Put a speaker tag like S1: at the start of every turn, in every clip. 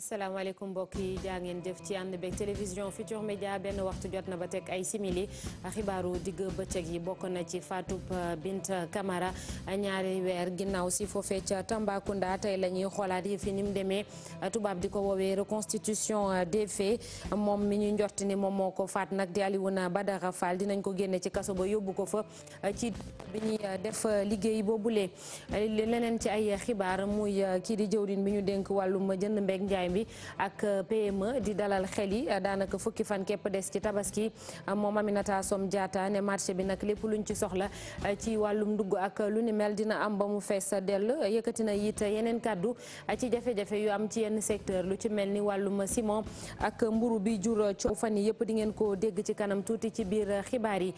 S1: asalaamaaleykum mbokk yi jaa ngeen jëf ci ànd beeg télévision Futur Média benn waxtu jot na ba teg ay simili xibaaru digg bëccëg yi bokk na ci Fatou Binta Camara ñaari weer ginnaaw si foofee ca Tambacounda tey la ñuy xoolaat yi fi ni mu demee tubaab di ko woowee reconstitution des moom mi ñu njort ni moom moo ko faat nag di Alioune Badara Fall dinañ ko génne ci kaso ba yóbbu ko fa ci bi ñuy def liggéey boobulee leneen ci ay xibaar muy kii di jëwriñ bi ñu dénk wàllum jënd mbeeg njaay bi ak euh, PME di dalal xel yi daanaka fukki fan képp des ci tabaski euh, moom Aminata Som Diatta ne marché bi nag lépp luñ ci soxla euh, ci wàllum ndugg ak lu ni mel dina am ba mu fees dell yëkkati na it yeneen kàddu ci jafe-jafe yu am ci yenn secteur lu ci mel ni wàllum ciment ak mburu bi jur coow fan yi yëpp di ngeen ko dégg ci kanam tuuti ci biir xibaar yi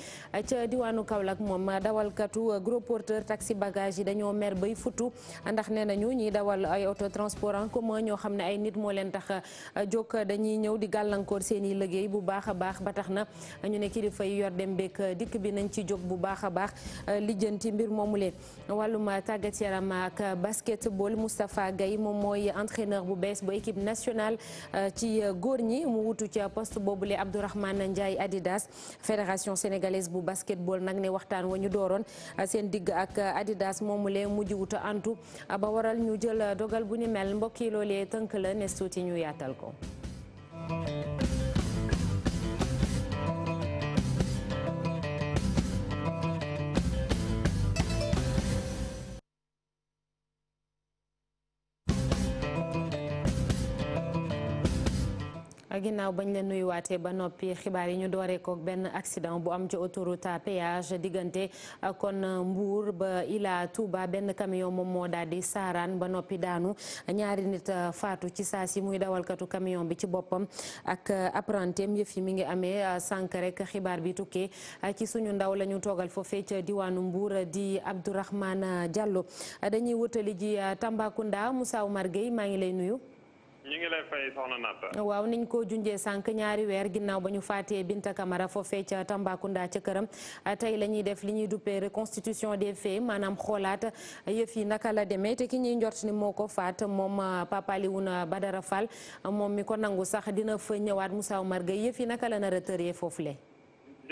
S1: ca diwaanu Kaolack moom dawalkatu gros porteur taxi bagage yi dañoo mer bay futu ndax nee ñoo xam ne it moo leen tax jóg dañuy ñëw di gàllankoor seen i liggéey bu baax a baax ba tax na ñu ne kilifa yor dem beeg euh, dikk bi nañ ci jóg bu baax a baax euh, lijjanti mbir moomu leen wàllum tàggat yaram ak basketball Moustapha Gaye moom mooy entraîneur bu bees bu équipe nationale euh, ci góor ñi mu wutu ci poste boobule Abdourahmane Ndiaye Adidas fédération sénégalaise bu basketball nag ne waxtaan wa ñu dooroon seen digg ak Adidas moomu leen mujj wuta antu ba waral ñu jël dogal timis tuuti ñu yaatal ko a ginnaaw bañ leen nuyuwaatee ba noppi xibaar yi ñu dooree ko benn accident bu am ci autoroute à péage diggante euh, kon euh, mbuur ba Ila Touba benn camion moom moo daal di saaraan ba noppi daanu ñaari nit euh, faatu ci saa si muy dawalkatu camion bi ci boppam ak apprentiem yëf yi mi ngi amee sànq rek xibaar bi tukkee ci suñu ndaw la ñu toogal foofee ca diwaanu Mbour di Abdourahmane Diallo dañuy wutali ji Tambacounda Moussa Oumar Gueye maa ngi lay nuyu.
S2: ñu ngi lay fay soxna Natta.
S1: waaw niñ ko junjee sànq ñaari weer ginnaaw ba ñu faatee Binta Camara foofee ca Tambacounda ca këram tey lañuy def li ñuy duppee reconstitution des faits maanaam xoolaata yëf yi naka la demee te ki ñuy njort ni moo ko faat moom euh, Papa ba dara Fall moom mi ko nangu sax dina fa ñëwaat Moussa Omar Gueye yëf yi naka la nar a tëree foofu le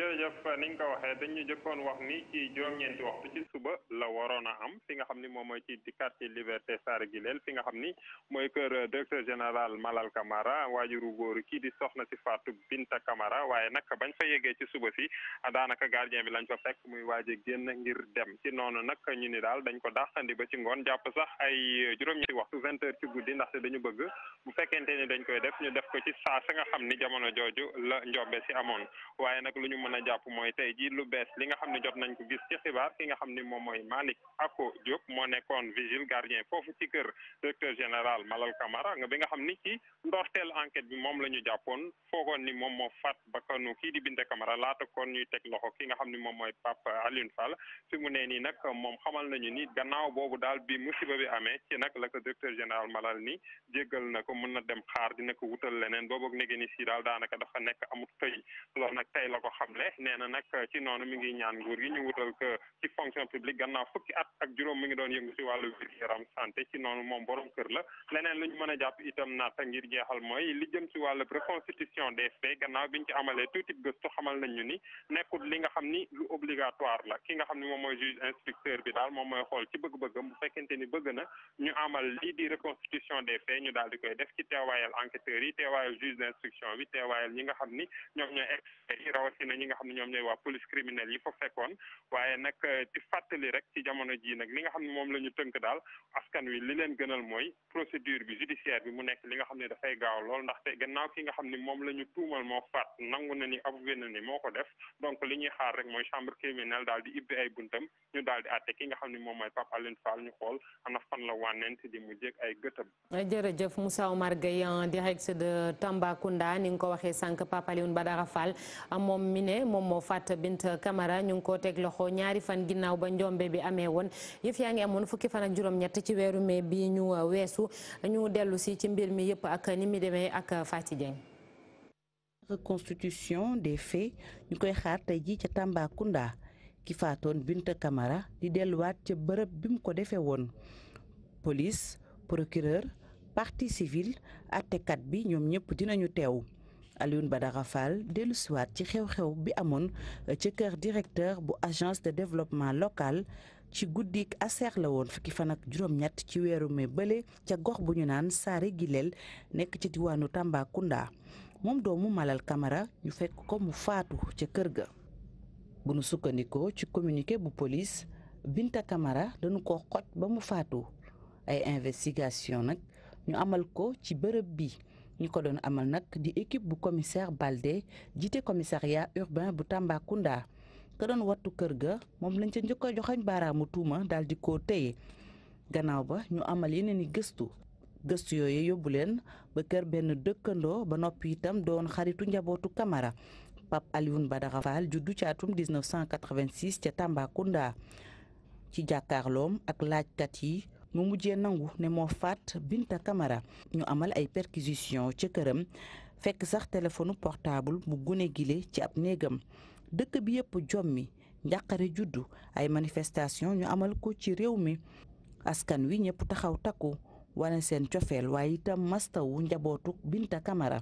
S2: jërëjëf ni nga ko waxe dañu jëkkoon wax ni ci juróom-ñeenti waxtu ci suba la waroon a am fi nga xam ni moom mooy ci di quartier Liberté Sare Guilel fi nga xam ni mooy kër euh, directeur général Malal Camara waajuru góor kii di soxna si Fatou Binta Camara waaye nag bañ fa yeggee ci suba si daanaka gardien bi lañ fa fekk muy waaje génn ngir dem ci noonu nag ñu ni daal dañ ko dàqandi ba ci ngoon jàpp sax ay euh, juróom-ñeenti waxtu vingt ci guddi ndaxte dañu bëgg bu fekkente ni dañ koy def ñu def ko ci saa sa nga xam ni jamono jooju la njombe si amoon mën jàpp mooy tey ji lu bees li nga xam ne jot nañ ko gis ci xibaar ki nga xam ni moom mooy Malick Ako Diop moo nekkoon vigile gardien foofu ci kër directeur général Malal kamara nga bi nga xam ni ci ndorteel enquête bi moom la ñu jàppoon foogoon ni moom moo faat bakkanu kii di Binta kamara laata kon ñuy teg loxo ki nga xam ni moom mooy Pape Alioune Fall fi mu nee nii nag moom xamal nañu ni gannaaw boobu daal bi musiba bi amee ci nag la ko directeur général Malal ni jéggal na ko mën na dem xaar dina ko wutal leneen boobu ak négé ni daal daanaka dafa nekk amut xamle nee na nag ci noonu mi ngi ñaan nguur gi ñu wutal ko ci fonction publique gannaaw fukki at ak juróom mi ngi doon yëngu ci wàllu wér-gu-yaram santé ci noonu moom boroom kër la leneen lu ñu mën a jàpp itam naata ngir jeexal mooy li jëm si wàllu reconstitution des faits bi ñu ci amalee tuuti gëstu xamal nañ ñu ni nekkul li nga xam ni lu obligatoire la ki nga xam ni moom mooy juge instructeur bi daal moom mooy xool ci bëgg-bëggam bu fekkente ni bëgg na ñu amal lii di reconstitution des faits ñu daal di koy def ci teewaayal enquêteurs yi teewaayal juge d'instruction bi teewaayal ñi nga xam ni ñoom ñi nga xam ne ñoom ñooy waa police criminelle yi fa fekkoon waaye nag ci euh, fàttali rek ci jamono jii nag li nga xam ne moom la ñu tënk daal askan wi li leen gënal mooy procédure bi judiciaire bi mu nekk li nga xam ne dafay gaaw lool ndaxte gannaaw ki nga xam ne moom la tuumal moo faat nangu na ni avoué na ni moo ko def donc li ñuy xaar rek mooy chambre criminelle daal di ibbi ay buntam ñu daal di àtte ki nga xam ne moom mooy Pape
S1: Alioune ñu xool ana ne moom moo faat Binta kamara ñu ngi koo teg loxo ñaari fan ginnaaw ba njombe bi amee woon yëf yaa ngi amoon fukki fan ak juróom-ñett ci weeru mai bi ñu weesu ñu dellu si ci mbir mi yëpp ak ni mu demee ak Fatou Dieng.
S3: reconstitution des faits ñu koy xaar tey jii ca Tambacounda ki faatoon Binta Camara di delluwaat ca bërëb bi mu ko defee woon police procureur partie civile àttekat bi ñoom ñëpp dinañu teew. Alioune Badara Fall dellu siwaat ci xew-xew bi amoon euh, ci kër directeur bu agence de développement local ci guddik aseer la woon fukki fan ak juróom-ñett ci weeru mai bële ca gox bu ñu naan Saare Gileel nekk ci diwaanu Tambacounda moom doomu Malal kamara ñu fekk ko mu faatu ca kër ga. bu nu sukkandikoo ci communiqué bu police Binta kamara dañu ko xoj ba mu faatu ay investigation nag ñu amal ko ci bërëb bi. ñu ko doon amal nag di équipe bu commissaire balde jiite commissariat urbain bu Tambacounda ka doon wattu kër ga moom lañ ca njëkk a joxoñ baaraamu tuuma daal di koo téye gannaaw ba ñu amal yeneen gëstu gëstu yooyu yóbbu leen ba kër benn dëkkandoo ba noppi itam doon xaritu njabootu Camara Pape Alioune Badara Fall juddu ci atum 1986 ca Tambacounda ci jàkkaarloom ak laajkat yi. mu mujjee nangu ne moo faat Binta kamara ñu amal ay perquisition ca këram fekk sax téléphone portable bu gune gile ci ab néegam dëkk bi yëpp jommi njàqare juddu ay manifestation ñu amal ko ci réew mi askan wi ñëpp taxaw takku wane seen cofeel waaye itam masta wu njabootu Binta kamara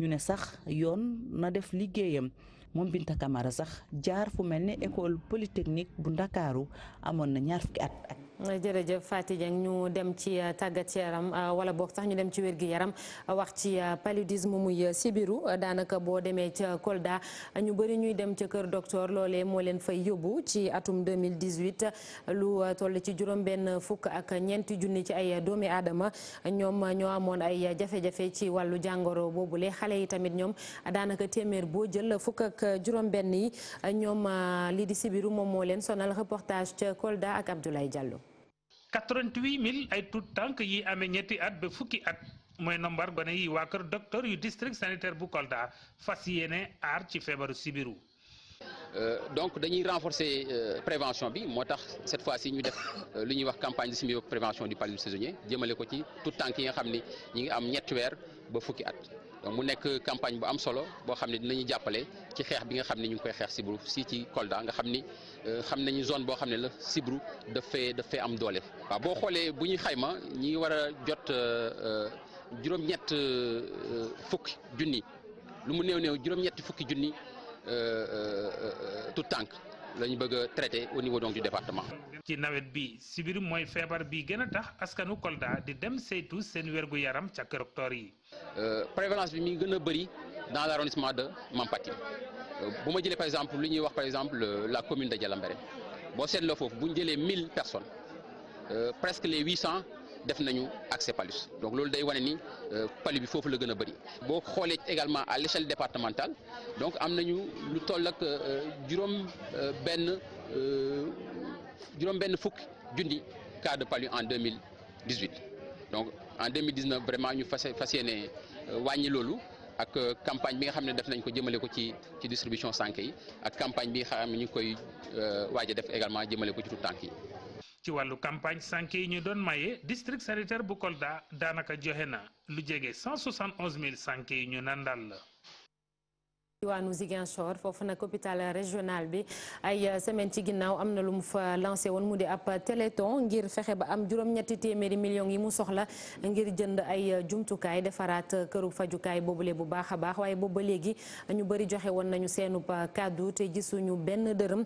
S3: ñu ne sax yoon na def liggéeyam moom Binta kamara sax jaar fu mel ne école polytechnique bu Ndakaaru amoon na ñaar fukki at ak
S1: jërëjëf Fatou Dieng ñu dem ci euh, tàggat yaram euh, wala boog sax ñu dem ci wér gi yaram wax ci euh, paludisme muy sibiru daanaka boo demee ca Kolda ñu bëri ñuy dem ca kër docteur loole moo leen fay yóbbu ci atum 2018 lu toll ci juróom-benn fukk ak ñeenti junni ci ay doomi aadama ñoom ñoo amoon ay jafe-jafe ci wàllu jàngoro boobu boobule xale yi tamit ñoom daanaka téeméer boo jël fukk ak juróom-benn yi ñoom lii di sibiru moom moo leen sonal reportage ca Kolda ak Abdoulaye Diallo.
S2: 88 mille ay tout tànk yi amee ñetti at ba fukki at mooy nombar gone yi waa kër docteur yu district sanitaire bu Kolda fas yéene aar ci feebaru sibiru.
S4: Euh, donc dañuy renforcer euh, prévention bi moo tax cet fois-ci ñu def euh, lu ñuy wax campagne de simio prévention du paludisme saisonnier jëmale ko ci tout tànk yi nga xam ni ñu ngi am ñetti weer ba fukki at mu nekk campagne bu am solo boo xam ne dinañu jàppale ci xeex bi nga xam ne ñu ngi koy xeex sibiru si ci Kolda nga xam ni. Euh, xam nañu zone boo xam ne la sibru daf fee daf am doole waaw boo xoolee bu ñuy xayma ñi war a jot euh, euh, juróom-ñett fukki junni lu mu néew néew juróom-ñetti fukki junni tout tànk lañu ñu bëgg a traité au niveau donc du département.
S2: ci nawet bi sibir mooy feebar bi gën a tax askanu Kolda di dem saytu seen wergu yaram ca kër yi.
S4: prévalence bi mi ngi gën a bëri dans l'arrondissement de Mampati euh, bu ma jëlee par exemple lu ñuy wax par exemple euh, la commune de Dialambéré boo seetloo foofu bu ñu jëlee mille personnes euh, presque les huit cent def nañu accès palus donc loolu day wane ni palu bi foofu la gën a bëri. boo xoolee également à l'échelle départementale donc am nañu lu toll ak juróom benn juróom fukk junni cas de palu en deux mille dix-huit donc en deux mille dix vraiment ñu fas fas yéene wàññi loolu. ak euh, campagne bi nga xam ne def nañ ko jëmalee ko ci ci distribution sànq yi ak campagne bi nga xam ne ñu koy euh, waaj a def également jëmale ko ci tout tànk yi.
S2: ci wàllu campagne sànq yi ñu doon maye district sanitaire bu Kolda daanaka joxe na lu jege 171 000 sànq yi ñu nandal la.
S1: diwaanu Ziguinchor foofu nag hôpital régional bi ay euh, semaine ci ginnaaw am na lu mu fa lancé woon mu di ab téléthon ngir fexe ba am juróom-ñetti téeméeri millions yi mu soxla ngir jënd ay euh, jumtukaay defaraat euh, këru fajukaay boobule bu baax a baax waaye boobu ba léegi ñu bëri joxe woon nañu seenub kàddu te gisuñu benn dërëm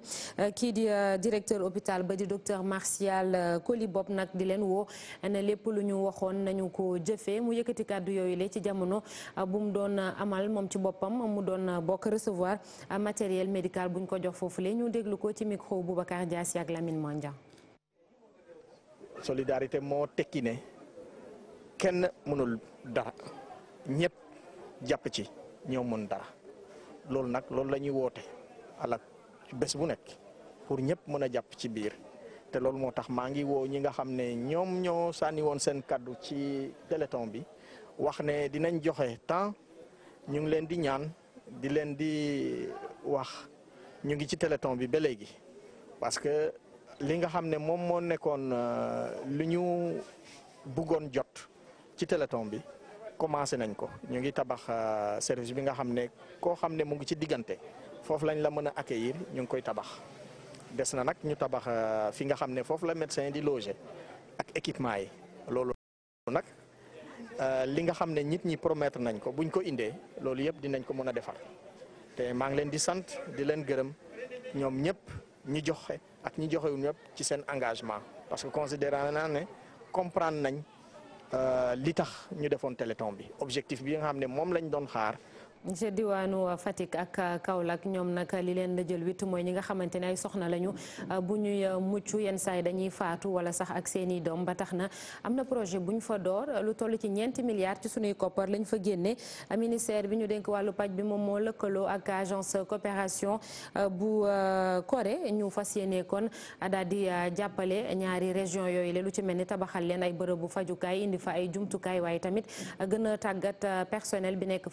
S1: kii di directeur hôpital ba di docteur Martial Colibop nag di leen woo ne lépp lu ñu waxoon nañu ko jëfee mu yëkkati kàddu yooyu le ci jamono bu mu bokk recevoir matériel médical buñ ko jox foofu le ñu déglu ko ci micro Boubacar Dias ak Lamine Mandia
S5: solidarité moo tekki ne kenn mënul dara ñëpp jàpp ci ñoo mën dara loolu nag loolu la ñuy woote alak bés bu nekk pour ñëpp mun a jàpp ci biir te loolu moo tax maa ngi woo ñi nga xam ne ñoom ñoo sànni woon seen kaddu ci téléthon bi wax ne dinañ joxe temps ñu ngi leen di ñaan di leen di wax ñu ngi ci téléthon bi ba léegi parce que li nga xam ne moom moo nekkoon euh, lu ñu buggoon jot ci téléthon bi commencé nañ ko ñu ngi tabax euh, service bi nga xam ne koo xam ne mu ngi ci diggante foofu lañ la mën a accueillir ñu ngi koy tabax des na nag ñu tabax euh, fi nga xam ne foofu la médecin di loger ak équipement yi loolu nag Euh, li nga xam ne nit ñi promettre nañ ko buñ ko indee loolu yëpp dinañ ko mën a defar te maa ngi leen di sant di leen gërëm ñoom ñëpp ñi joxe ak ñi joxewul ñëpp ci seen engagement parce que considérant naa ne comprendre nañ euh, li tax ñu defoon téléthon bi objectif bi nga xam ne moom lañ doon xaar
S1: ci diwaanu Fatick ak Kaolack ñoom nag li leen la jël witt mooy ñi nga xamante ne ay soxna lañu bu ñuy mucc yenn saa yi dañuy faatu wala sax ak seeni doom ba tax na am na projet bu ñu fa door lu toll ci ñeenti milliards ci sunuy koppar lañ fa génne ministère bi ñu dénk wàllu paj bi moom moo lëkkaloo ak agence coopération euh, bu euh, Corée ñu fas yéene kon daal di euh, jàppale ñaari région yooyu la lu ci mel ni tabaxal leen ay bërëbu fajukaay indi fa ay jumtukaay waaye tamit gën a tàggat personnel bi nekk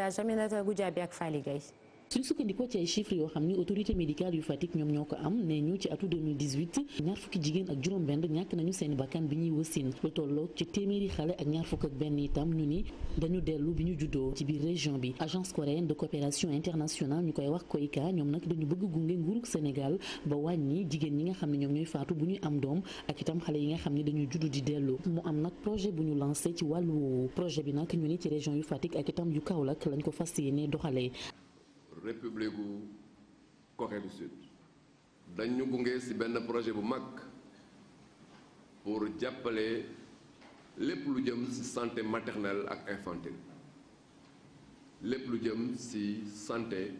S1: reportage Aminata Goudiaby ak Faly Gueye
S6: suñ sukkandikoo ci ay chiffres yoo xam ni autorité médicale yu Fatick ñoom ñoo ko am ne ñu ci atu 2018 ñaar fukki jigéen ak juróom-benn ñàkk nañu seen bakkan bi ñuy wasin lu tolloog ci téeméeri xale ak ñaar fukk ak benn itam ñu ni dañu dellu bi ñu juddoo ci biir région bi agence coréenne de coopération internationale ñu koy wax COICA ñoom nag dañu bëgg gunge nguurug Sénégal ba wàññi jigéen ñi nga xam ne ñoom ñooy faatu bu ñuy am doom ak itam xale yi nga xam ne dañuy juddu di dellu mu am nag projet bu ñu lancé ci wàllu woowu nag ñu ni ci région yu Fatick ak itam yu Kaolack lañ ko fas yéene doxalee
S7: république gu Corée du Sud dañ ñu gunge ci benn projet bu mag pour jàppale lépp lu jëm ci santé maternelle ak infantile lépp lu jëm ci santé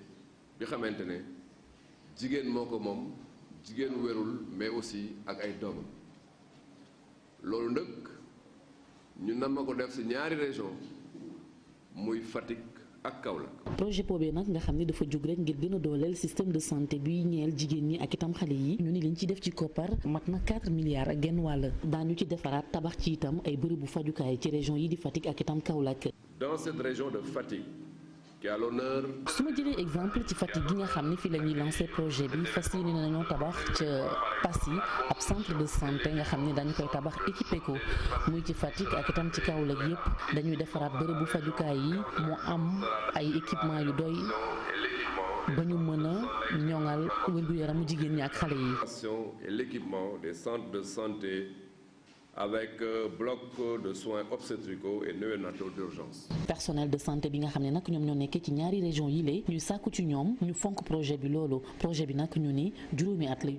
S7: bi xamante ne jigéen moo ko moom jigéen wérul mais aussi ak ay doomam loolu nag ñu nama ko def ci ñaari région muy Fatick ak Kaolack.
S6: projet boobee nag nga xam ne dafa jug rek ngir gën a dooleel système de santé bi ñeel jigéen ñi ak itam xale yi ñu ni liñ ci def ci koppar mat na 4 milliards ak genn wàll daañu ci defaraat tabax ci itam ay bërëbu fajukaay ci région yi di Fatick ak itam Kaolack.
S7: dans cette qui est à
S6: su ma jëlee exemple ci Fatick gi nga xam ne fii la ñuy lancé projet bi fas yéene nañoo tabax ca Passy ab centre de santé nga xam ne dañu koy tabax équipé ko muy ci Fatick ak itam ci kaw Kaolack yëpp dañuy defaraat bu fajukaay yi mu am ay équipement yu doy. ba ñu mën a ñoŋal wér gu mu jigéen ñi ak xale yi.
S7: et l'équipement des centres de santé. avec euh, bloc euh, de soins obstétricaux et néonataux
S6: d'urgence. personnel de santé bi nga xam ne nag ñoom ñoo nekkee ci ñaari région yi la ñu sàkku ci ñoom ñu fonk projet bi loolu projet bi nag ñu ni juróomi at lay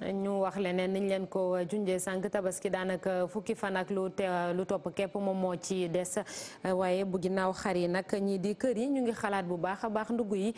S1: ñu wax leneen niñ leen ko junjee sànq tabaski daanaka fukki fan ak lu te lu topp képp moom moo ci des waaye bu ginnaaw xar yi nag ñii di kër yi ñu ngi xalaat bu baax a baax ndugg yi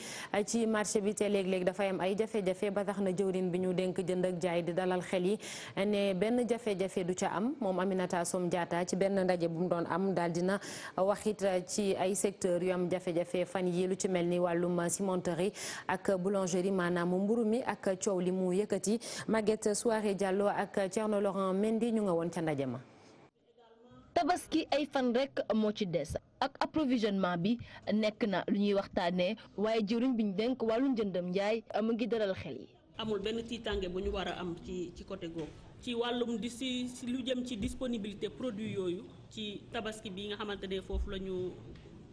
S1: ci marché bi te léeg léegi dafay am ay jafe-jafe ba tax na jëwrin bi ñu dénk jënd ak jaay di dalal xel yi ne benn jafe-jafe du ca am moom Aminata Som ci benn ndaje bum doon am daal dina wax it ci ay secteurs yu am jafe-jafe fan yii lu ci mel ni wàllum cimenterie ak boulangerie maanaam mburu mi ak coow li mu yëkkati Maguette Souaré jàlloo ak Thierno
S8: Laurent Mendy ñu nga woon ca ndaje ma tabaski ay fan rek moo ci des ak approvisionnement bi nekk na lu ñuy waxtaanee waaye jëriñ bi ñu dénk wàllu njëndam njaay mu ngi dalal xel yi.
S9: amul benn tiitange bu ñu war a am ci ci côté googu. ci wàllum di si lu jëm ci disponibilité produit yooyu ci tabaski bi nga xamante ne foofu la ñu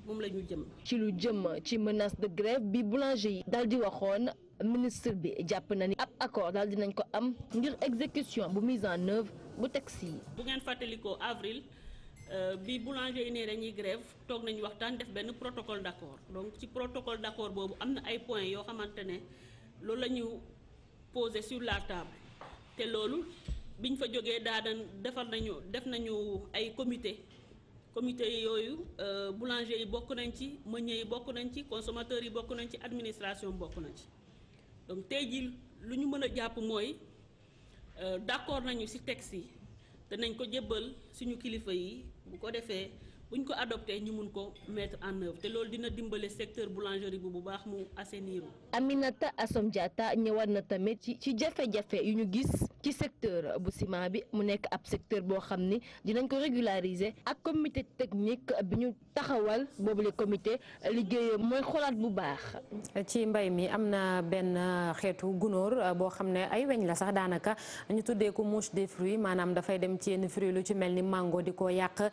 S9: moom la ñu jëm.
S8: ci lu jëm ci menace de grève bi boulanger yi dal di waxoon. ministre bi jàpp na ni ab accord daal dinañ ko am ngir exécution bu mise en neuve bu texte yi.
S9: bu ngeen fàttalikoo avril euh, bi boulanger yi ne dañuy grève toog nañu waxtaan def benn protocole d'accord donc ci protocole d'accord boobu am na ay points yoo xamante ne loolu la ñu posé sur la table te loolu biñ fa jógee daa dan defar nañu def nañu ay comité comité yooyu euh, boulanger yi bokk nañ ci meunier yi bokk nañ ci consommateur yi bokk nañ ci administration bokk nañ ci donc tey jii lu ñu mën a jàpp mooy euh, d'accord nañu ci texte yi danañ ko jébbal suñu kilifa yi bu ko defee buñ ko adopté ñu mun ko mettre en œuvre te loolu dina dimbale secteur boulangerie bu bu baax mu assainir.
S8: Aminata Assome Diatta ñëwaat na tamit ci jafe-jafe yu ñu gis ci secteur bu ciment bi mu nekk ab secteur boo xam ni dinañ ko régulariser ak comité technique bi ñu
S10: taxawal boobule comité liggéeyam mooy xolaat bu baax. ci mbay mi am na
S1: benn xeetu gunóor boo xam ne ay weñ la sax daanaka ñu tuddee ko mouche de fruits maanaam dafay dem ci yenn fruits lu ci mel ni mango di ko yàq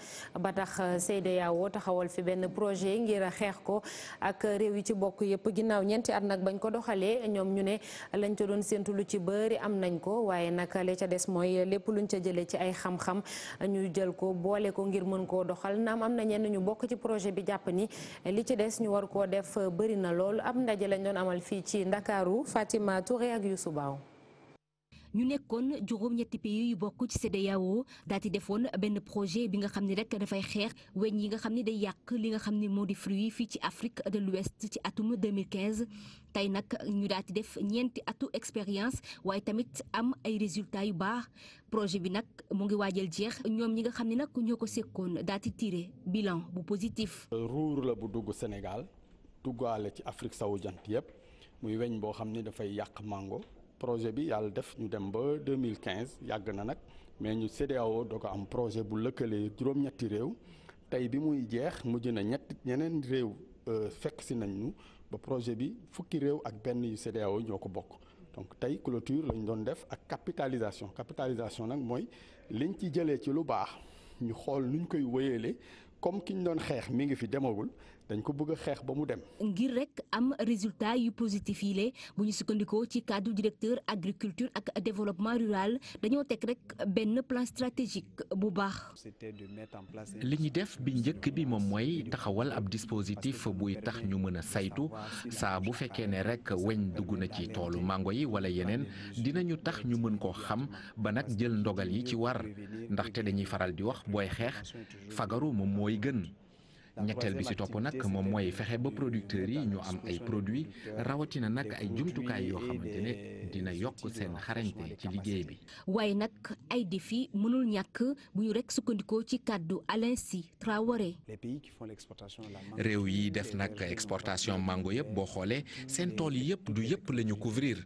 S1: de CEDEAO taxawal fi benn projet ngir xeex ko ak réew yi ci bokk yëpp ginnaaw ñeenti at nag bañ ko doxalee ñoom ñu ne lañ ca doon séntu lu ci bëri am nañ ko waaye nag la ca des mooy lépp lu luñ ca jëlee ci ay xam-xam ñu jël ko boole ko ngir mën koo doxal naam am na ñenn ñu bokk ci projet bi jàpp ni li ci des ñu war koo def bëri na lool ab ndaje lañ doon amal fii ci Ndakaaru Fatima Touré ak Youssou baaw
S8: ñu nekkoon juróom-ñetti pays yu bokk ci CEDEAO daal di defoon benn projet bi nga xam ni rek dafay xeex weñ yi nga xam ne day yàq li nga xam ne moo di fruit fii ci Afrique de l'Ouest ci atum 2015 tey nag ñu daal di def ñeenti atu expérience waaye tamit am ay résultats yu baax projet bi nag mu ngi waajal jeex ñoom ñi nga xam ne nag ñoo ko sekkoon daal di tiré bilan bu positif.
S11: ruur la bu dugg Sénégal duggaale ci Afrique sowu jant yëpp muy weñ boo xam ne dafay yàq mango. projet bi yàlla def ñu dem ba 2015 yàgg na nag mais ñu CEDEAO doo ko am projet bu lëkkalee juróom-ñetti réew tey bi muy jeex mujj na ñett ñeneen réew euh, fekk si nañ ñu ba projet bi fukki réew ak benn yu CEDEAO ñoo ko bokk donc tey clôture lañ doon def ak capitalisation capitalisation nag mooy liñ ci jëlee ci lu baax ñu xool nuñ koy wéyeele comme ki doon xeex mi ngi fi demagul dañ ko bëgg a xeex ba mu dem.
S8: ngir rek am résultat yu positif yi le bu ñu sukkandikoo ci kàddu directeur agriculture ak développement rural dañoo teg rek benn plan stratégique bu baax.
S12: li ñu def bi njëkk bi moom mooy taxawal ab dispositif buy tax ñu mën a saytu saa bu fekkee ne rek weñ dugg na ci toolu mango yi wala yeneen dinañu tax ñu mën koo xam ba nag jël ndogal yi ci war ndaxte dañuy faral di wax booy xeex fagaru moom mooy gën. ñetteel bi ci topp nag moom mooy fexe ba producteurs yi ñu am ay produit rawatina nag ay jumtukaay yoo xamante ne dina yokk seen xarañte ci liggéey bi.
S8: waaye nag ay défi mënul ñàkk bu ñu rek sukkandikoo ci kàddu Alain Sy Traoré.
S12: réew yi def nag exportation mango yëpp boo xoolee seen tool yi yëpp du yëpp lañu ñu couvrir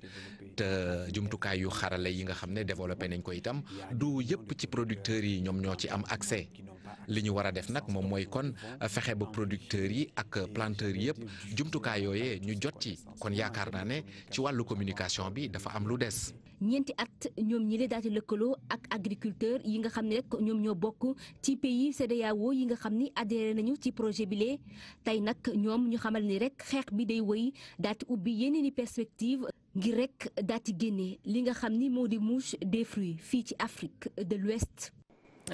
S12: te jumtukaay yu xarale yi nga xam ne développé nañ ko itam du yëpp ci producteurs yi ñoom ñoo ci am accès. li ñu war a def nag moom mooy kon fexe ba producteurs yi ak planteurs yëpp jumtukaay yooyee ñu jot ci kon yaakaar naa ne ci wàllu communication bi dafa am lu des.
S8: ñeenti at ñoom ñi le daal di lëkkaloo ak agriculteur yi nga xam ne rek ñoom ñoo bokk ci pays CEDEAO yi nga xam ni adhéré nañu ci projet bi lee tey nag ñoom ñu xamal ni rek xeex bi day woy daal ubbi yeneen i perspective ngir rek daal di génne li nga xam ni moo di mouche des fruits fii ci Afrique de l'Ouest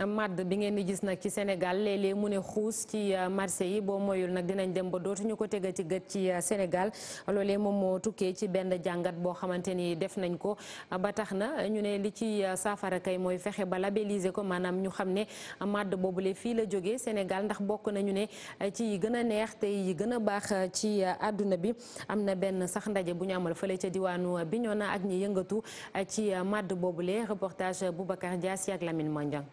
S1: màdd bi ngeen di gis nag ci Sénégal léeg mu ne xuus ci euh, marché yi boo moyul nag dinañ dem ba dootuñu ko tegati gët ci euh, Sénégal loolee moom moo tukkee ci benn jàngat boo xamante ni def nañ ko ba tax na ñu ne li ci euh, saafara kay mooy fexe ba labelliser ko maanaam ñu xam ne màdd boobule fii la jógee Sénégal ndax bokk nañu ne ci yi gën a neex te yi gën a baax ci àdduna bi am na benn sax ndaje bu ñu amal fële ca diwaanu na ak ñi yëngatu ci màdd boobule reportage Boubacar Dias ak Lamine Mandiang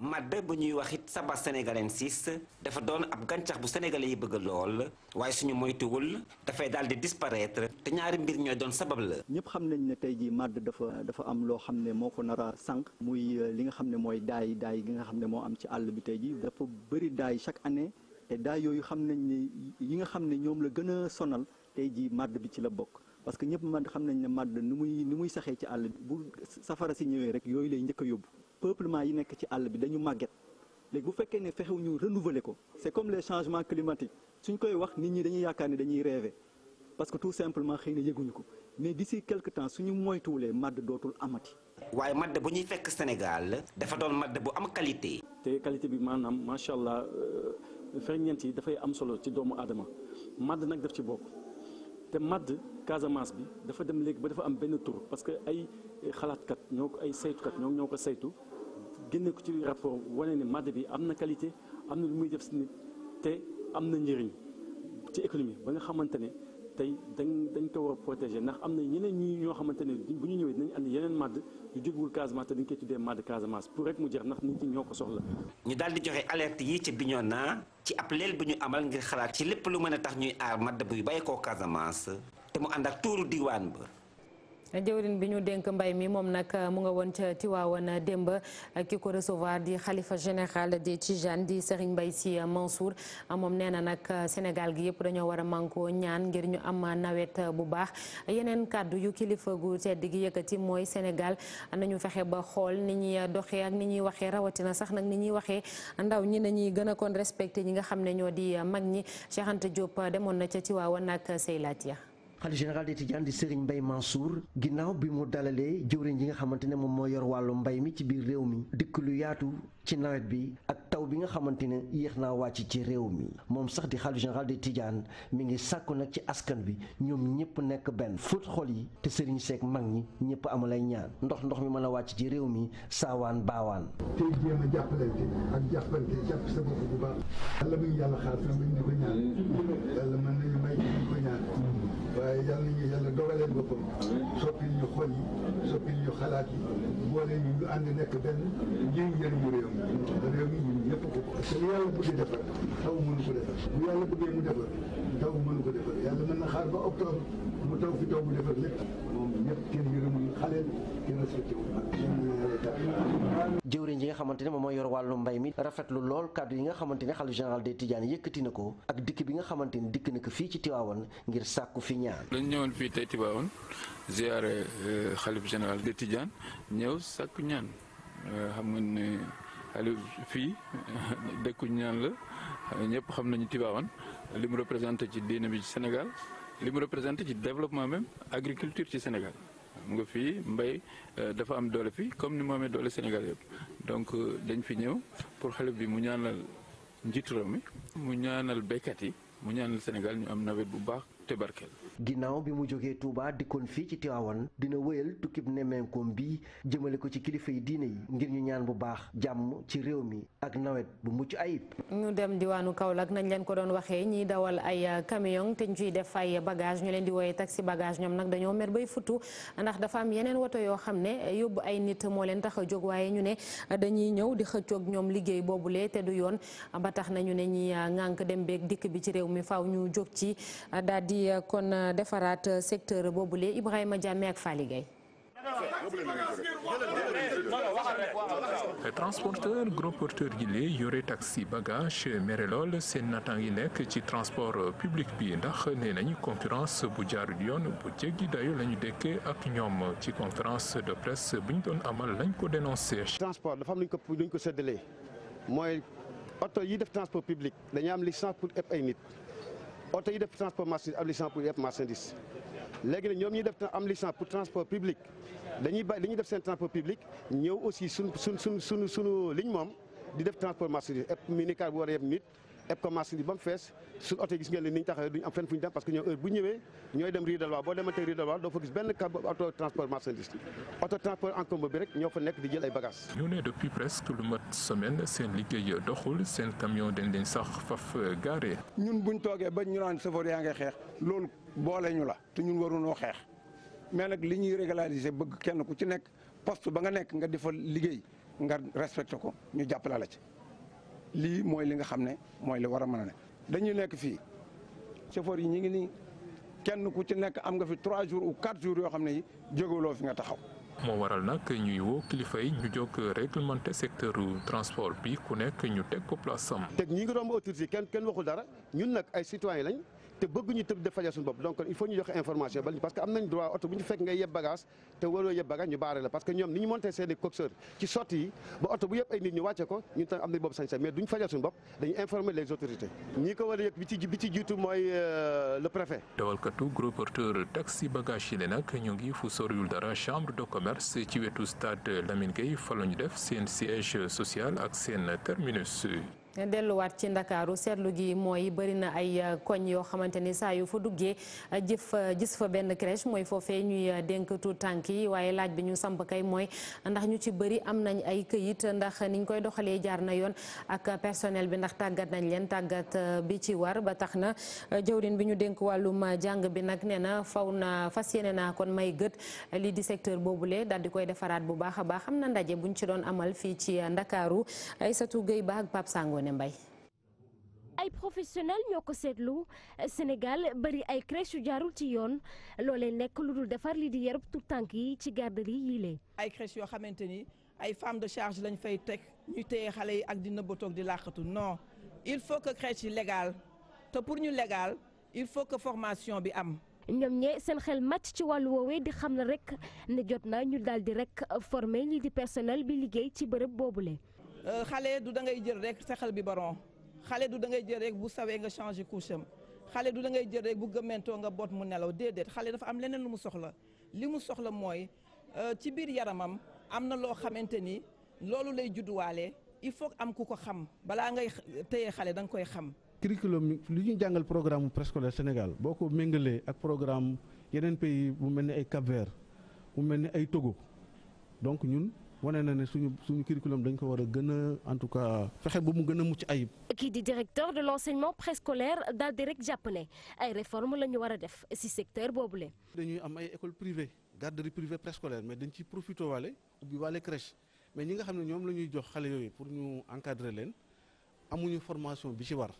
S13: madde bu ñuy wax it saba sénégalensis dafa doon ab gàncax bu sénégalais yi bëgg lool waaye suñu moytuwul dafay daal di disparaître te ñaari mbir ñooy doon sabab la.
S5: ñëpp xam nañ ne tey jii madd dafa dafa am loo xam ne moo ko nar sànq muy euh, li nga xam ne mooy daay daay gi nga xam ne moo am ci àll bi tey ji dafa bëri daay chaque année te daay yooyu xam nañ ne yi nga xam ne ñoom la gën a sonal tey jii madd bi ci la bokk. parce que ñëpp madd xam nañ ne madd ni muy ni muy saxee ci àll bi bu safara si ñëwee rek yooyu lay njëkk yóbbu. peuplement yi nekk ci àll bi dañu màgget léegi bu fekkee ne fexewuñu ñu renouveler ko c'est comme les climatique climatiques suñ koy wax nit ñi dañuy yaakaar ne dañuy rêver parce que tout simplement xëy na yëguñu ko mais d'ici quelque temps suñu moytuwulee madd dootul amati.
S13: waaye madd bu ñuy fekk Sénégal.
S11: dafa doon madd bu am qualité. te qualité bi maanaam macha allah euh, ferñeent yi dafay am solo ci doomu aadama màdd nag daf ci bokk te màdd Casamance bi dafa dem léegi ba dafa am benn tur parce que ay xalaatkat ñoo ay saytukat ñoo ñoo ko saytu. génne ko ci rapport wane ne madd bi am na qualité am na lu muy def si nit te am na njëriñ ci économie ba nga xamante ne tey dañ dañ ko war a protéger ndax am na ñeneen ñi ñoo xamante ne bu ñu ñëwee dinañ am yeneen madd yu jógewul Casamance te dañ koy tuddee madd Casamance pour rek mu jeex ndax nit ñi ñoo ko soxla.
S13: ñu daal di joxe alerte yi ci Bignona ci ab leel bu ñu amal ngir xalaat ci lépp lu mën a tax ñuy aar madd buy koo Casamance te mu ànd ak tuuru diwaan ba.
S1: jëwrin bi ñu denk mbay mi moom nag euh, mu nga woon ca Tiwaawan euh, démb euh, ki ko recevoir di xalifa général ci Tijanes di Serigne Mbaye Sy Mansour moom nee na nag Sénégal gi yëpp dañoo war a mànkoo ñaan ngir ñu am nawet bu baax yeneen kàddu yu kilifa gu tedd gi yëkkati mooy Sénégal nañu fexe ba xool ni ñuy doxee ak ni ñuy waxee rawatina sax nag ni ñuy waxee ndaw ñi nañuy gën a kon respecté ñi nga xam ne ñoo di mag ñi Cheikh Anta demoon na ca Tiwaawan ak Seylatia
S13: xalifa général des Tidianes di Serigne Mbaye Mansour ginnaaw bi mu dalalee jëwriñ ji nga xamante ne moom moo yor wàllu mbay mi ci biir réew mi dikk lu yaatu ci nawet bi ak taw bi nga xamante ne yéex naa wàcc ci réew mi moom sax di xalifa général de Tidiane mi ngi sàkku nag ci askan bi ñoom ñëpp nekk benn fóot xol yi te sëriñ seek mag ñi ñëpp ay ñaan ndox ndox mi mën a wàcc ci réew mi saawaan baawaan tey jéem a
S14: jàppalante boppam soppil ñu xol yi soppil ñu xalaat yi boole ñu ñu ànd nekk benn njëriñ njëriñu réew réew mi
S13: jëwriñ ji nga xamante ne moom mooy yor wàllu mbay mi rafetlu lool kàddu yi nga xamante ne xalifa général des Tidiane yëkkati na ko ak dikk bi nga xamante ni dikk na ko fii ci Tivaouane ngir sàkku fi ñaan
S15: dañ ñëwoon fii tey Tivaouane ziare euh, xalifa général des Tidiane ñëw sàkku ñaan euh, xam nga ne Aliou fii dëkku ñaan la ñëpp xam nañu Tivaouane li mu représenté ci diine bi ci Sénégal li mu représenté ci développement même agriculture ci Sénégal xam nga fii mbay euh, dafa am doole fii comme ni mu amee doole Sénégal yëpp donc euh, dañ fi ñëw pour xale bi mu ñaanal njiitu réew mu ñaanal béykat yi mu ñaanal Sénégal ñu am nawet bu baax te barkeel.
S13: ginnaaw bi mu jógee Touba dikkoon fii ci Tivaouane dina wéyal tukkib nemmeekoom bi jëmale ko ci kilifa yi diine yi ngir ñu ñaan bu baax jàmm ci réew mi ak nawet bu mucc ayib.
S1: ñu dem diwaanu kaw Kaolack nañ leen ko doon waxee ñiy dawal ay camion te ñu ciy def ay bagage ñu leen di woowee si bagage ñoom nag dañoo mer bay futu ndax dafa am yeneen woto yoo xam ne yóbbu ay nit moo leen tax a jóg waaye ñu ne dañuy ñëw di xëccoog ñoom liggéey boobu lee te du yoon tax na ñu dem beeg bi ci réew mi faaw ñu a defaraat secteur boobule Ibrahima Diame ak Fally Gueye
S15: transporteur gros porteur yi lee yore taxi bagage mere lool seen nataan nekk ci transport public bi ndax nee nañu concurrence bu jaarul yoon bu jéggi dayo lañu ñu ak ñoom ci conférence de presse bu ñu doon amal lañ ko dénoncé.
S11: transport dafa am lu ko lu mooy oto yi def transport public dañu licence pour ëpp ay nit. oto yi def transport marchandise am licence pour yëpp marchandise léegi nag ñoom ñuy def am licence pour transport public dañuy ba li ñuy def seen transport public ñëw aussi suñ suñ suñ suñu suñu liñ moom di def transport marchandise ëpp minicar bu war a yëpp nit eb ko marchandise ba mu fees sur oto gis ngeen ne ni ñu taxawee duñu am fenn fu ñu dem parce que ñoo heure bu ñëwee ñooy dem rue d'Alva boo demantee rue d'Alva doo fa gis benn cab auto transport marchandise auto transport en bi rek ñoo fa nekk di jël ay bagages.
S15: ñu ne seen liggéey doxul seen camion dañ leen sax faf garé.
S11: ñun buñ toogee ba ñu naan safar yaa ngi xeex loolu boole ñu la te ñun waruñoo xeex mais nag li ñuy régulariser bëgg kenn ku ci nekk post ba nga nekk nga defal liggéey nga respecté ko ñu jàppale la ci. lii mooy li nga xam ne mooy li war a mën a ne dañuy nekk fii chauffeur yi ñu ngi nii kenn ku ci nekk am nga fi trois jours ou quatre jours yoo xam ne yi jógaloo fi nga taxaw
S15: moo waral nag ñuy woo kilifa yi ñu jóg réglementé secteur transport bi ku nekk ñu teg ko place am.
S11: teg ñi ngi romb autorité kenn kenn waxul dara ñun nag ay citoyens lañ te bëgguñu tëb de fajal suñu bopp donc il faut ñu joxe information bala parce que am nañ droit oto bu ñu fekk ngay yeb bagage te waroo yeb bagage ñu baare parce que ñoom ni ñu monté seen i coxeur ci sotti yi ba oto bu yëpp ay nit ñu wàcce ko ñu tam am nañ boobu sañ-sañ mais duñ fajal suñu bopp dañu informer les autorités ñi ko war a bi ci bi ci jiitu mooy euh, le préfet
S15: dawalkatu gros porteur taxi bagage yi le nag ñu ngi fu soriwul dara chambre de commerce ci wetu stade Lamine fa la ñu def seen siège social ak seen terminus
S1: delluwaat ci ndakaaru seetlu gi mooy bëri na ay euh, koñ yoo xamante ni saa yu fa duggee euh, jëf euh, gis fa benn crèche mooy foofee ñuy dénk tuut tànk yi waaye laaj bi ñu samp kay mooy ndax ñu ci bëri am nañ ay këyit ndax ni niñ koy doxalee jaar na yoon ak personnel bi ndax tàggat nañ leen tàggat bi ci war ba tax na jëwrin bi ñu dénk wàllum jàng bi nag nee na faw na fas yéene naa kon may gët lii di secteur boobule daal di koy defaraat bu baax a baax am na ndaje buñ ci doon amal fii ci ndakaaru Aïssatou Gueye Ba ak Ngone Mbaye
S8: ay professionnel ñoo ko seetlu Sénégal bari ay crèche yu jaarul ci yoon loole nekk lu dul defar li di yarub tout tànk yi ci garderie yii lee
S3: ay crèche yoo xamante ni ay femmes de charge lañ fay teg ñu téye xale yi ak di nëbbatoog di làqatu no il faut que crèche yi légal te pour ñu légal il faut que formation bi am ñoom ñee seen xel màcc ci
S8: wàllu woowee di xam ne rek ne jot na ñu daal di rek former di personnel bi liggéey ci
S3: bërëb boobule Euh, xale du da ngay jël rek saxal bi baron xale du da ngay jël rek bu sawee nga changé couche am xale du da ngay jël rek bu gëmmentoo nga boot mu nelaw déedéet xale dafa am leneen lu mu soxla li mu soxla mooy euh, ci biir yaramam am na loo xamante ni loolu lay judduwaale il faut am ku ko xam balaa ngay téye xale da nga koy xam.
S16: curriculum li ñuy jàngal programme préscolaire Sénégal boo ko méngalee ak programme yeneen pays mu mel ni ay Cap-Vert bu mel ni ay Togo wane na ne suñu suñu curriculum dañ ko war a gën a en tout cas fexe bu mu gën a mucc ayib.
S8: kii di directeur de l' enseignement préscolaire dal di rek jàpp ne ay réformes la ñu war a def si secteur boobu boobule. dañuy am ay
S16: école privée garderie privée préscolaire mais dañ ciy profité wale ubbi wale crèche mais ñi nga xam ne ñoom la ñuy jox xale yooyu pour ñu encadrer leen amuñu formation bi ci war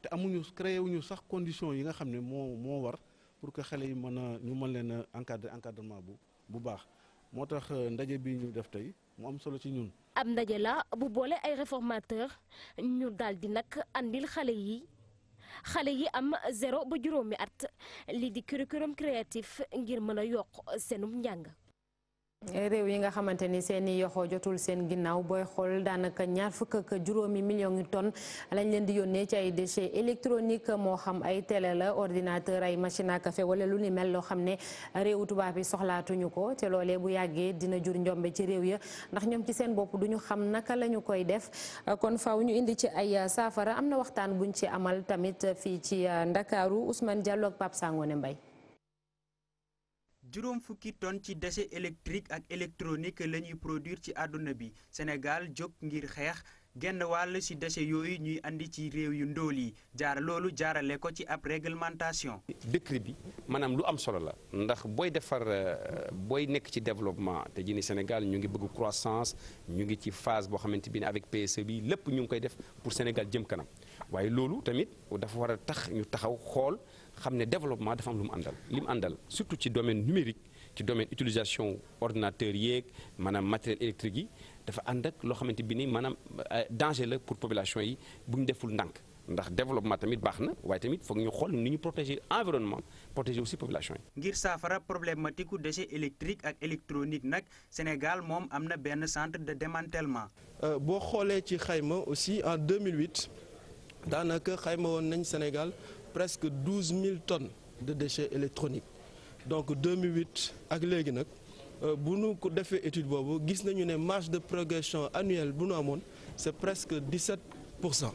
S16: te amuñu créé wuñu sax condition yi nga xam ne moo moo war pour que xale yi mën a ñu mën leen a encadrer encadrement bu bu baax. moo tax euh, ndaje bi ñu def tey mu am solo ci ñun.
S8: ab ndaje la bu boole ay réformateur ñu daal di nag andil xale yi xale yi am zéro ba juróomi at lii di curriculum créatif ngir mën a yokk seenum njàng.
S1: réew yi nga xamante ni seen i yoxoo jotul seen ginnaaw booy xool daanaka ñaar fukk ak juróomi millions yu tonnes lañ leen di yónnee ci ay déchets électroniques moo xam ay tele la ordinateur ay machine à café wala lu ni mel loo xam ne réew tubaab yi soxlaatuñu ko te loole bu yàggee dina jur njombe ci réew ya ndax ñoom ci seen bopp duñu xam naka lañu koy def kon faw ñu indi ci ay saafara am na waxtaan buñ ci amal tamit fii ci Ndakaaru Ousmane Diallo ak Pape Sangone
S14: juróom fukki tonn ci déchets électriques ak électronique la ñuy produire ci àdduna bi Sénégal jóg ngir xeex genn wàll ci déchets yooyu ñuy andi ci réew yu ndóol yi jaar loolu jaarale ko ci ab réglementation.
S11: décret bi maanaam lu am solo la ndax booy defar euh, booy nekk ci développement te ji Sénégal ñu ngi bëgg croissance ñu ngi ci phase boo xamante bi ne avec PSE bi lépp ñu ngi koy def pour Sénégal jëm kanam waaye loolu tamit dafa war a tax ñu taxaw xool. xam ne développement dafa am lu mu àndal li mu àndal surtout ci domaine numérique ci domaine utilisation ordinateur yeeg maanaam matériel électrique yi dafa ànd ak loo xamante bi ni maanaam euh, danger la pour population yi bu ñu deful ndànk ndax développement tamit baax na waaye tamit foog ñu xool ni ñu protéger environnement protéger aussi population yi.
S14: ngir saafara problématique déchets électriques ak électronique nag Sénégal moom am na benn centre de
S16: démantèlement. Euh, boo xoolee ci xayma aussi en 2008 daanaka xayma woon nañ Sénégal. presque douze mille tonnes de déchets électroniques donc 2008 ak léegi nag euh, bu nu ko defee étude boobu gis nañu ne marge de progression annuelle bu nu amoon c'est presque 17 pour cent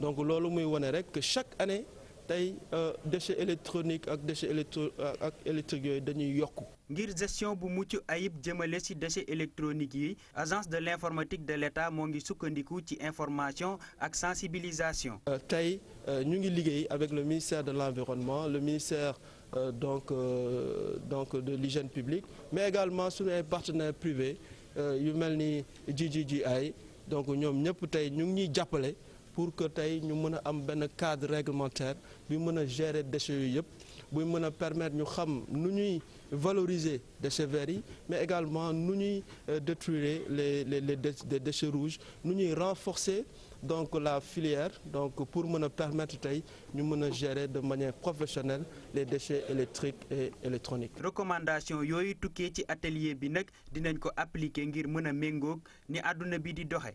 S16: donc loolu muy wane rek chaque année tey euh, déchets électroniques ak déchets électro ak électriques yooyu dañuy yokku. ngir gestion bu mucc ayib jëmale ci déchets électroniques yi
S14: agence de l'informatique de l'État moo ngi sukkandiku ci information ak sensibilisation. Euh,
S16: tey euh, ñu ngi liggéey avec le ministère de l'environnement le ministère euh, donc euh, donc de l'hygiène publique mais également suñu ay partenaires privés yu mel ni GGGI donc ñoom ñëpp tey ñu ngi ñuy jàppale. pour que tey ñu mën a am benn cadre réglementaire bi mën a gérer déchets yooyu yëpp buy mën a permettre ñu xam nu ñuy valoriser déchets verts yi mais également nu ñuy euh, détruire les les les déchets rouges nu ñuy renforcer donc la filière donc pour mën a permettre tey ñu mën a gérer de manière professionnelle les déchets électriques et électroniques. recommandation yooyu tukkee ci atelier bi nag dinañ ko appliquer ngir mën a méngóog
S14: ni àdduna bi di doxe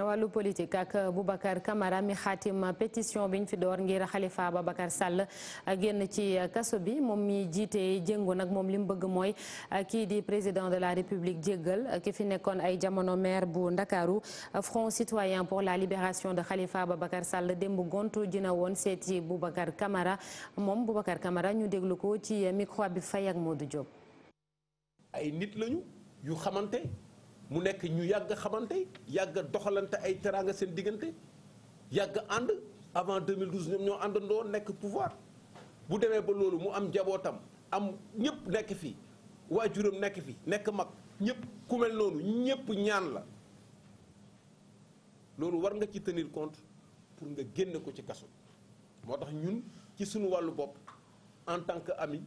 S1: wàllu politique ak Boubacar Camara mi xaatim pétition ñu fi door ngir xalifa Babacar Sall génn ci kaso bi moom mi jiite jëngu nag moom li mu bëgg mooy kii di président de la république jéggal ki fi nekkoon ay jamono maire bu Ndakaaru Front citoyen pour la libération de xalifa Babacar Sall démb gontu dina woon seeti Boubacar Camara moom Boubacar kamara ñu déglu ko ci micro bi Faye ak Modou Diop.
S11: mu nekk ñu yàgg xamante yàgg doxalante ay teraanga seen diggante yàgg ànd avant deux 2012 ñoom ñoo àndandoo nekk pouvoir bu demee ba loolu mu am njabootam am ñëpp nekk fi waajuram nekk fi nekk mag ñëpp ku mel noonu ñëpp ñaan la loolu war nga ci tenir compte pour nga génne ko ci kaso moo tax ñun ci suñu wàllu bopp en tant que ami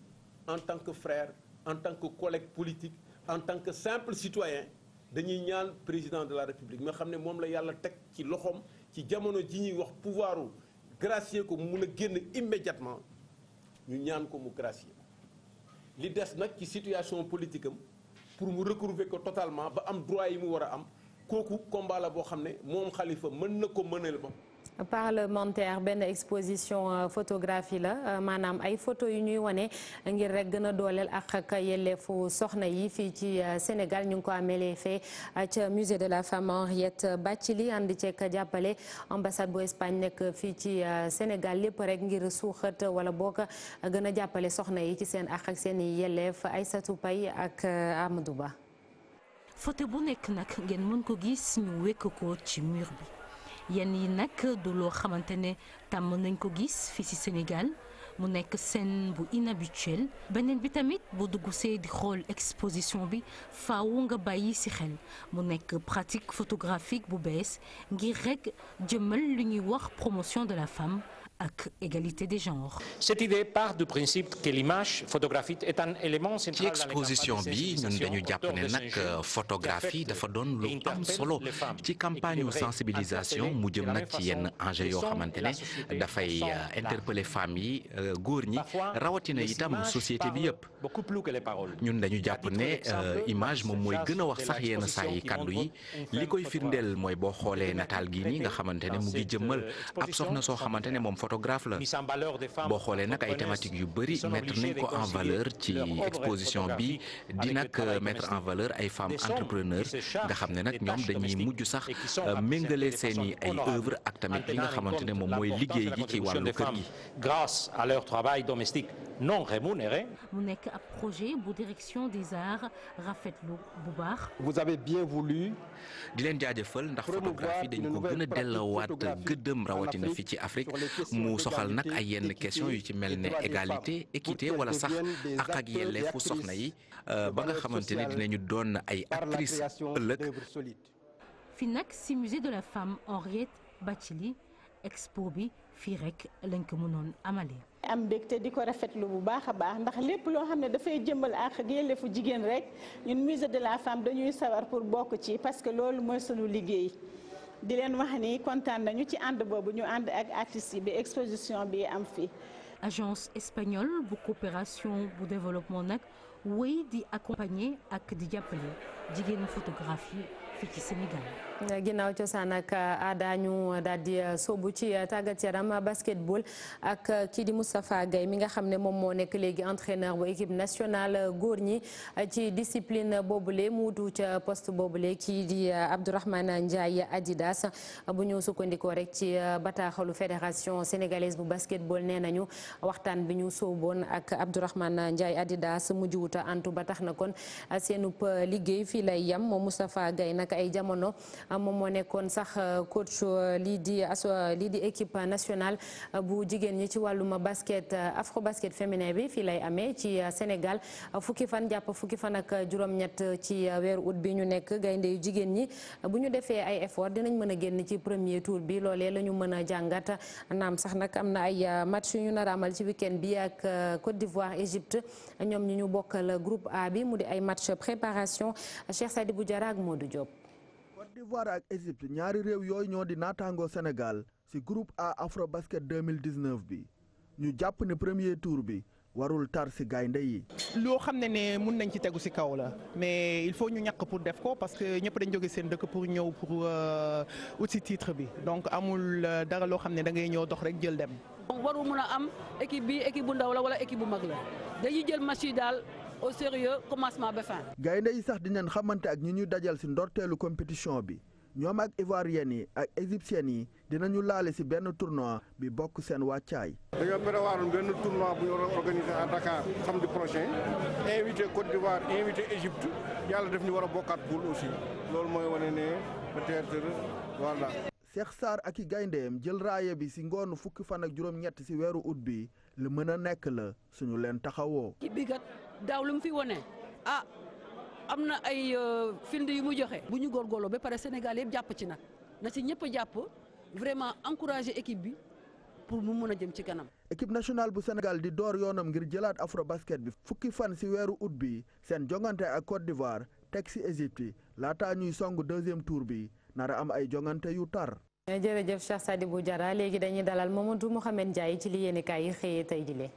S11: en tant que frère en tant que collègue politique en tant que simple citoyen dañuy ñaan président de la république nga xam ne moom la yàlla teg ci loxoom ci jamono ji ñuy wax pouvoiru gracier ko mu mun a génn immédiatement ñu ñaan ko mu gracier li des nag ci situation politique am pour mu recouvrer ko totalement ba am droit yi mu war a am kooku combat boo xam ne moom Khalifa mën na ko mënal ba
S1: parlementaire benn exposition euh, photographie la euh, maanaam ay photo yu ñuy wane ngir rek gën a dooleel ak ak yelleefu soxna yi fii ci euh, Sénégal ñu ngi ko amelee fee ca musée de la femme Henriette Bathily ànd ceeg jàppale ambassade bu Espagne nekk fii ci Sénégal lépp rek ngir suuxat wala boog gën a jàppale soxna yi ci seen ak ak seen i yelleef Aïssatou Paye ak Amadou Ba.
S10: photo bu nekk nag ngeen mën ko gis ñu wekk ko ci mur bi. yenn yi nag du loo xamante ne tàmm nañ ko gis fii si Sénégal mu nekk seen bu inhabituel beneen bi tamit bu dugg see di xool exposition bi faaw nga bàyyi si xel mu nekk pratique photographique bu bees ngir rekk jëmal lu ñuy wax promotion de la femme ak égalité des genres.
S12: cette idée part ci exposition bi ñun dañu jàpp ne nag photographie dafa doon lu am solo ci campagne sensibilisation mu jëm nag ci yenn enjeux yoo xamante ne dafay euh, interpeller femmes yi euh, góor ñi rawatina itam société bi yëpp ñun dañu jàpp ne euh, image moom mooy gën a wax sax yenn saa yi kàddu yi li koy firndeel mooy boo xoolee nataal gi nii nga xamante mu ngi jëmmal ab soxna soo xamante moom. photographe la boo xoolee nag ay thématiques yu bëri mettre nañ ko en valeur ci exposition bi di nag mettre en valeur ay femmes entrepreneurs nga xam ne nag ñoom dañuy mujj sax euh, méngale seen ay œuvres ak tamit li nga xamante ne moom mooy liggéey gi ci wàllu kër gi. non rémunérés.
S10: mu nekk ab projet bu direction des arts rafetlu bu baax.
S12: vous avez bien voulu. di leen jaajëfal ndax photographie dañ ko gën a delloowaat gëddëm rawatina fii ci Afrique mu soxal nag ay yenn question yu ci mel ne égalité équité wala sax ak ak yelleefu soxna yi euh, ba nga xamante ni ñu doon ay actrices ëllëg.
S10: fi nag si musée de la femme Henriette Bathily expo bi. fii rek lañ ko mënoon
S3: amalee. am mbégte di ko rafetlu bu baax a baax ndax lépp loo xam ne dafay jëmbal àq ak yelleefu jigéen rek ñun musée de la femme dañuy sawar pour bokk ci parce que loolu mooy sunu liggéey. di leen wax nii kontaan nañu ci ànd boobu ñu ànd ak artistes yi bi exposition bii am fii. agence espagnole bu coopération bu
S10: développement nag wéy di accompagner ak di jàppale jigéenu photographie fii ci Sénégal.
S1: ginnaaw cosaan ak eh, aada ñu daal di eh, sóobu ci eh, tàggat yaram basketball ak kii di Moustapha Gaye mi nga xam ne moom moo nekk léegi entraîneur bu équipe nationale góor ñi ci discipline boobule mu wutu ca poste boobule kii di Abdourahmane Ndiaye Adidas bu ñëw sukkandikoo rek ci bataaxalu fédération sénégalaise bu basketball nee nañu waxtaan bi ñu sooboon ak Abdourahmane Ndiaye Adidas mujj wuta antu ba tax na kon seenub liggéey fii lay yam moom Moustapha Gaye nag ay jamono. Euh, moom moo nekkoon sax euh, coach euh, lii di aso lii di équipe nationale bu jigéen ñi ci wàllum basket afro basket féminin bi fii lay amee ci Sénégal fukki fan jàpp fukki fan ak juróom-ñett ci weeru août bi ñu nekk gaynde yu jigéen ñi bu ñu defee ay effort dinañ mën a génn ci premier tour bi loolee la ñu mën a jàngat naam sax nag am na ay match yu ñu naraamal ci week-end bi ak Côte d'Ivoire Égypte ñoom ñi ñu bokkal groupe A bi mu di ay match préparation Cheikh Sadibou Diarra ak Modou Diop
S14: Côte d'Ivoire ak Égypte ñaari réew yooyu ñoo di naataangoo Sénégal ci groupe A Afrobasket 2019 bi ñu jàpp ne premier tour bi warul tar ci gaynde yi. loo xam ne ne mun nañ ci tegu ci kaw la mais il faut ñu ñàkk pour def ko parce que ñëpp dañ jóge seen dëkk pour ñëw pour euh, ut si titre bi donc amul euh, dara loo xam ne da ngay ñëw dox rek jël dem.
S3: donc mun a am équipe bi équipe bu ndaw la wala équipe bu mag la dañuy jël match daal. au sérieux commencement ba fin.
S14: gaynde yi sax di dinañ xamante ak ñi ñu dajal ci ndorteelu compétition bi ñoom ak ivoiriennes yi ak égyptiennes yi dinañu laale ci benn tournoi bi bokk seen wàccaay.
S16: dañoo prévoir benn tournoi bu ñu organisé à Dakar samedi prochain invité Côte d'Ivoire invité Égypte yàlla def ñu war a bokkaat poule aussi loolu mooy wane ne peut-être voilà.
S14: Cheikh Sarr ak i gayndeem jël raaye bi ci ngoonu fukki fan ak juróom-ñett ci weeru ut bi lu mën a nekk la suñu leen taxawoo.
S3: daaw lu mu fi wone ah am na ay euh, firnde yu mu joxe. bu ñu góorgóorloo ba pare Sénégal yëpp jàpp ci nag na ci ñëpp jàpp vraiment encourager équipe bi pour mu mën a jëm ci kanam.
S14: équipe nationale bu Sénégal di door yoonam ngir jëlaat afro Afrobasket bi fukki fan ci weeru ut bi seen jongante ak Côte d'Ivoire teg ci Égypte laataa ñuy song deuxième tour bi nara am ay jongante yu tar.
S1: jërëjëf Cheikh Sadibou jaraa léegi dañuy dalal Mamadou Mouhamed Ndiaye ci li yéenekaay yi xëyee tey jile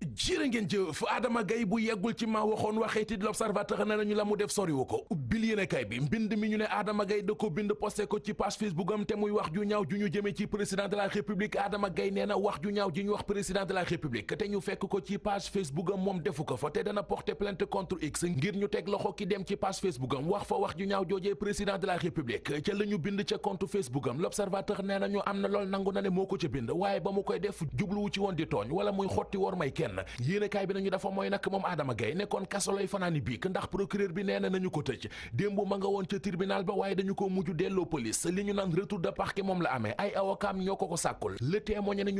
S17: jërë ngeen jëf Adama Gaye bu yeggul ci ma waxoon waxeeti l'observateur ne ñu la mu def soriwu ko ubbil yéenekaay bi mbind mi ñu ne Adama gay da ko bind posté ko ci page Facebook am te muy wax ju ñaaw ju ñu jëmee ci président de la république Adama Gaye nee wax ju ñaaw ji ñu wax président de la république te ñu fekk ko ci page Facebook am moom defu ko fa te dana porter plainte contre X ngir ñu teg loxo ki dem ci page Facebook am wax fa wax ju ñaaw joojee président de ñu bind ca compte Facebook am l'observateur nee na moo ko ca bind waaye ba mu koy def jubluwu ci wala muy xotti wor may kenn yéenekaay nañu na nañu ko tëj démb ma nga woon ca tribunal ba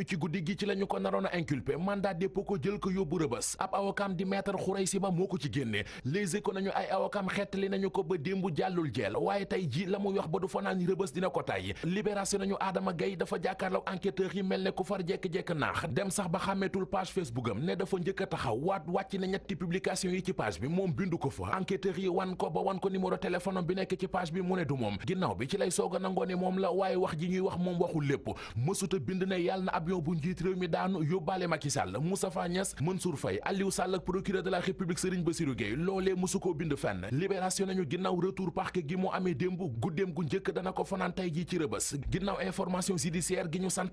S17: ci guddi gi ci la ko naroon inculpé mandat dépôt ko jël ko yóbbu rëbës ab awokaam di maître Khoureysi Ba moo ko ci génnee les échos nañu ay awokaam xettali nañu ko ba démb jàllul jeel waaye tey ji la muy wax ba du fanaan rëbës dina ko tàyyi libération nañu Adama Gaye dafa jàkkaarloo enquêteurs yi mel ne ku jekk-jekk naax dem sax ba xàmmeetul page Facebook boppam ne dafa njëkk a taxaw waat wàcc na ñetti publication yi ci page bi moom bind ko fa enquêteurs yi wan ko ba wan ko numéro téléphone bi nekk ci page bi mu ne du moom ginnaaw bi ci lay soog a nangoo ni moom la waaye wax ji ñuy wax moom waxul lépp mësuta bind ne yàlla na avion bu njiit réew mi daanu yóbbaale Macky Sall Moustapha Niass Mansour Faye Aliou Sall ak procureur de la République Serigne Bassirou Gueye loolee mësu koo bind fenn libération nañu ginnaaw retour ji ci rëbës ginnaaw information judiciaire gi ñu sant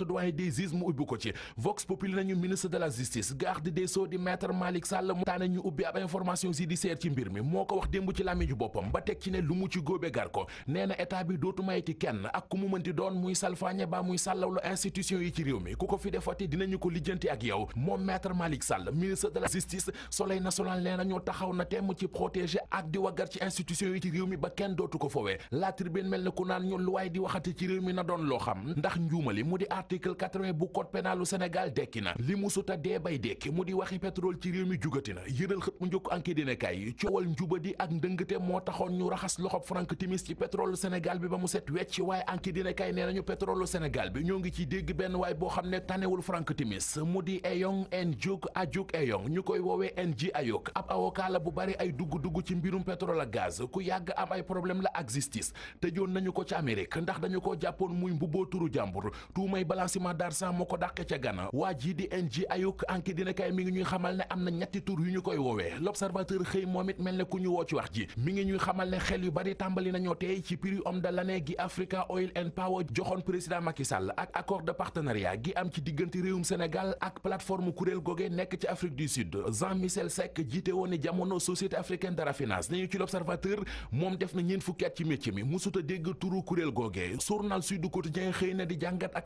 S17: garde des sceaux di maître Malick Sall mu taane ñu ubbi ab information judiciaire ci mbir mi moo ko wax démb ci làmmiñu boppam ba teg ci ne lu mu ci góobe gar ko nee na bi dootu mayeti kenn ak ku mu mënti doon muy salfaañe ba muy sàllawlu institution yi ci réew mi ku ko fi defati dinañu ko lijjanti ak yow moom maître Malick Sall ministre de la justice soleil national nee na ñoo taxaw na temm ci protéger ak di waggar ci institution yi ci mi ba kenn dootu ko fowee la tribune mel na ku naan ñu lu waay di waxati ci réew mi na doon loo xam ndax tekki mu di waxi pétrole ci réew mi jugati na yëral xët mu njëkk enquête dina kay coowal njubadi ak ndëngte moo taxoon ñu raxas loxob Frank Timis ci pétrole Sénégal bi ba mu set wecc waaye enquête dina kay nee nañu pétrole Sénégal bi ñoo ngi ci dégg benn waay boo xam ne tanewul Frank Timis mu di Eyong N'Diouk Adjouk Eyong ñu koy woowee NG Ayok ab avocat la bu bari ay dugg-dugg ci mbirum pétrole ak gaz ku yàgg am ay problème la ak justice tëjoon nañu ko ci Amérique ndax dañu ko jàppoon muy mbubboo turu jàmbur tuumay balancement d'argent moo ko dàqe ca Ghana waa ji di NG Ayok enquête yéenekaay mi ngi ñuy xamal ne am na ñetti tur yu ñu koy woowee l'observateur xëy moom it mel ne ku ñu woo ci wax ji mi ngi ñuy xamal ne xel yu bari tàmbali nañoo tey ci prix homme de gi Africa Oil and Power joxoon président Macky ak accord de partenariat gi am ci diggante réewum Sénégal ak plateforme kuréel goge nekk ci Afrique du Sud Jean Michel Seck jiite woon ni jamono société africaine de raffinage nañu ci l'observateur moom def na ñeen fukki at ci métier mi musuta di jàngat ak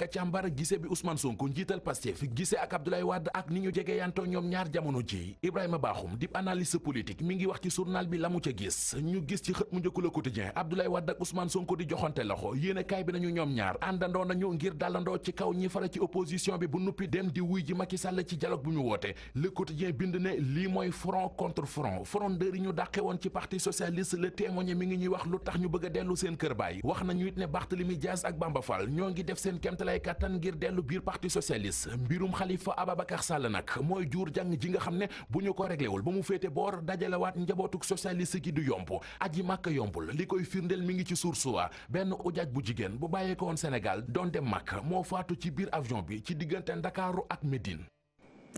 S17: jaayantoo ñoom ñaar jamono jii Ibrahima baaxum dib analyste politique mi ngi wax ci journal bi la mu ca gis ñu gis ci xët mu njëkku la quotidien Abdoulaye Wade ak Ousmane Sonko di joxante loxo yéenekaay bi nañu ñoom ñaar àndandoo nañu ngir dalandoo ci kaw ñi fara ci opposition bi bu nuppi dem di wuy ji Macky Sall ci dialogue bu ñu woote le quotidien bind ne lii mooy front contre front frondeur yi ñu dàqe woon ci parti socialiste le témoigné mi ngi ñuy wax lu tax ñu bëgg dellu seen kër baay wax nañu it ne Barthélemy Diaz ak Bamba Fall ñoo ngi def seen kemtalaay kàttan ngir dellu biir parti socialiste mbirum Khalifa Ababacar Sall nag nag mooy jur jàng ji nga xam ne bu ñu ko réglewul ba mu féete boor dajalewaat njabootuk socialiste gi du yomb aji màkk yombul li koy firndeel mi ngi ci suur sursuwa benn ujaaj bu jigéen bu bàyyeeko woon Sénégal doon dem màkk moo faatu ci biir avion bi ci diggante Ndakaaru ak Médine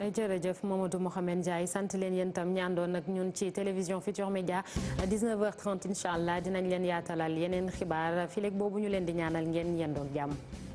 S1: jërëjëf Mamadou Mohamed Ndiaye sant leen yéen tam ñaandoon ak ñun ci télévision Futur Média 19h30 incha allah dinañ leen yaatalal yeneen xibaar fileeg boobu ñu leen di ñaanal ngeen yendoog jàmm